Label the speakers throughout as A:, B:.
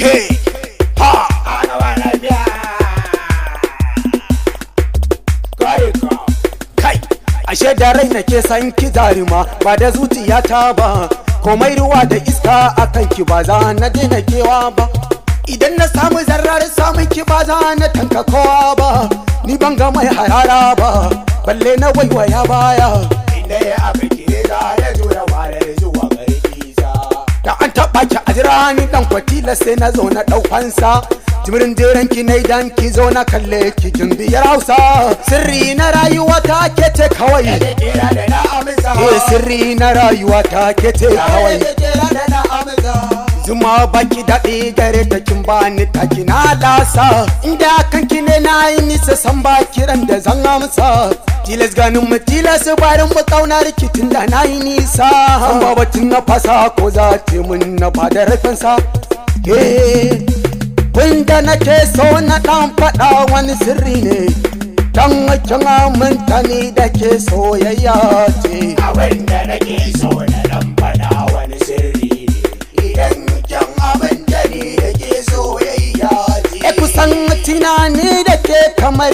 A: Kai ashe da rai nake san ki zarima ba da zuciyata ba. Komai ruwa da iska akan ki ba za na daina kewa ba. Idan na samu zarrar samun ki ba za na tanka kowa ba. Ni ban ga mai harara ba, balle na waiwaya baya. Inda ya an taɓa ki a jira ni dan kwatila sai na zo na ɗaukansa fansa jimirin jiran ki na idan ki zo na kalle ki jin biyar hausa sirri na rayuwa ta ke ce kawai eh sirri na rayuwa ta ke ce kawai zuma baki daɗi gare ta kin ni ta kina lasa inda kan ki ne na yi nisa san ba kiran da zan amsa tilas ganin mu tilas barin mu kauna rikicin da na yi nisa an babatin na fasa ko za ce mun na fada rafinsa eh, kun da nake so na dan wani sirri ne dan wakin aminta ni da ke soyayya ce abin na ke so na dan wani sirri ne idan kyan abin da ni da ke soyayya ce eh, kusan tunani da ke kamar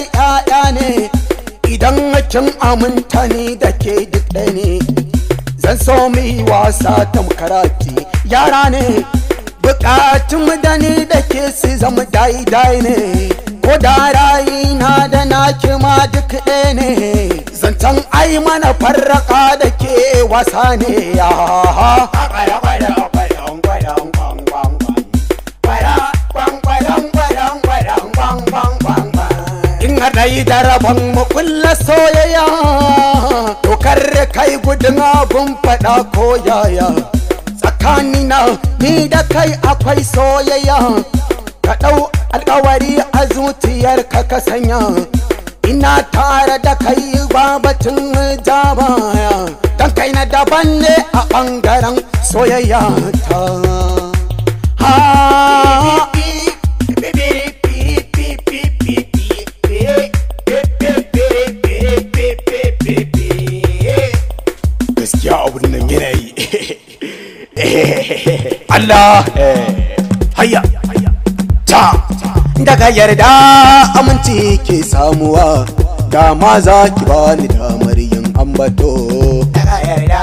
A: cin aminta ne da ke duk ne zan so mu yi wasa tamkarati yara ne bukatun da ni da ke su zama daidai ne ko da rayina da naki ma duk ɗaya ne zancen ai mana farraka da ke wasa ne ya ah, ha ah, ah. ha kai da rabon mu kulla soyayya karre kai gudun abun fada ko yaya tsakanina ni da kai akwai soyayya ka dau alkawari a zuciyar ka ka sanya ina tare da kai babatun jabaya dan kai na daban ne a ɓangaren soyayya ta ha Allah eh. hayya ta daga yarda aminci ke samuwa da ma za ki bani damar yin ambato daga yarda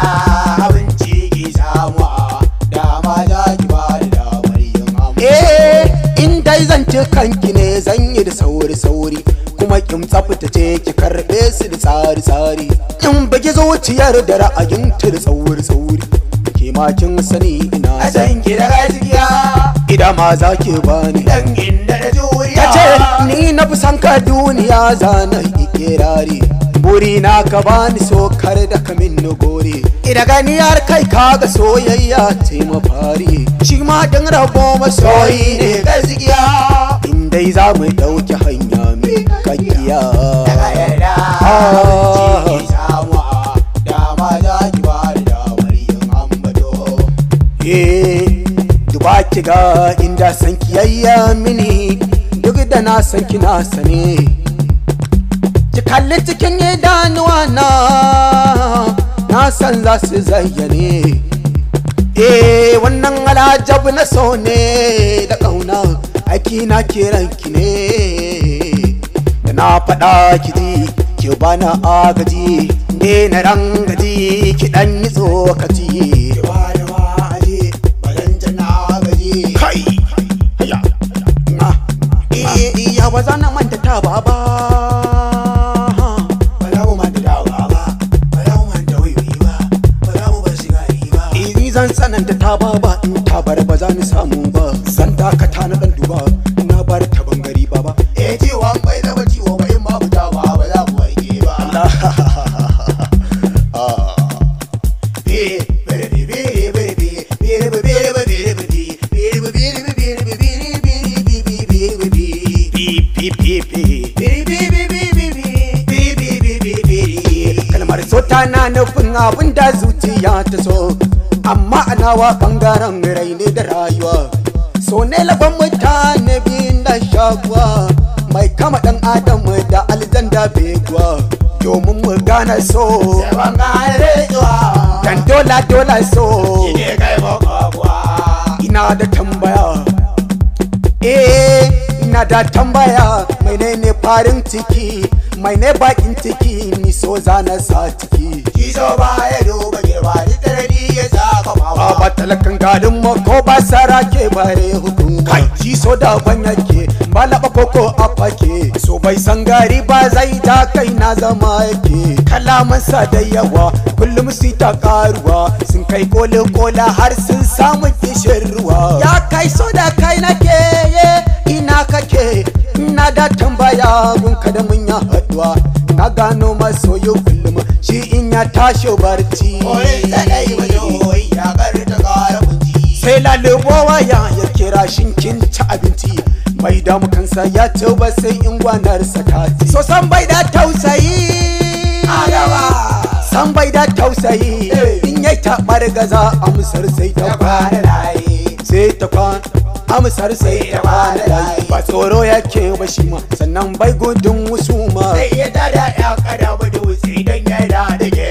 A: aminci ke samuwa da ma za ki bani damar yin ambato eh in dai zan ci kanki ne zan yi da sauri sauri kuma kin tsafta ce ki karbe su da tsari tsari in bagi zuciyar da ra'ayin ta da sauri sauri ma kin sani ina a san ki da gaskiya idan ma za ki bani dan inda da juriya kace ni na fi san ka duniya zana ikirari buri na ka bani so kar da kamin ni gore ida gani har kai ga soyayya ce fari. shi ma dan rabo masoyi ne gaskiya in dai za mu dauki hanya mai kakkiya Oh. Shiga inda san kiyayya mini duk da na san kina sane ki kalli cikin idanuwa na na san za su zayyane eh wannan alajabu na so ne da kauna aiki na kiran ki ne da na faɗa ki ji ki bana agaji ne eh, na rangaji ki ɗan yi tsokaci da ta ba ba in ta bar ba za ni samu ba zan dakata na dan duba na bar ta bangare ba ba eh jiwa bai zama jiwa ba in ma ba ba ba za ku warke ba kalmar sota na nufin abin da zuciya ta so amma a nawa bangaren rai ne da rayuwa so ne laban mutane biyun da shagwa mai kama dan adam da aljan da begwa domin mu gane so dan dola dola so ina da tambaya eh ina da tambaya mai ne ne farin ciki mai ne bakin ciki ni so zana sa ciki kizo baya talakan garin mako ba sarake bare hukun kai shi so da ban yake malaba koko a fake so bai san gari ba zai ta kai na zama yake sa da yawa kullum su ta karuwa sun kai kole kola har sun samu kishin ruwa ya kai so da kai ke, ina kake ina da tambaya gunka kada mun ya haduwa na gano masoyo kullum shi in ya tashi barci kin ci abinci mai damu kansa ya ci sai in gwanar sakati so san bai da tausayi adawa san bai da tausayi eh. in yai ta gaza amsar sai ta kwana layi sai ta kwana amsar sai ta bada layi ba tsoro yake ba shi ma sannan bai gudun wasu ma sai ya dada ya kada ba da wuce don ya da da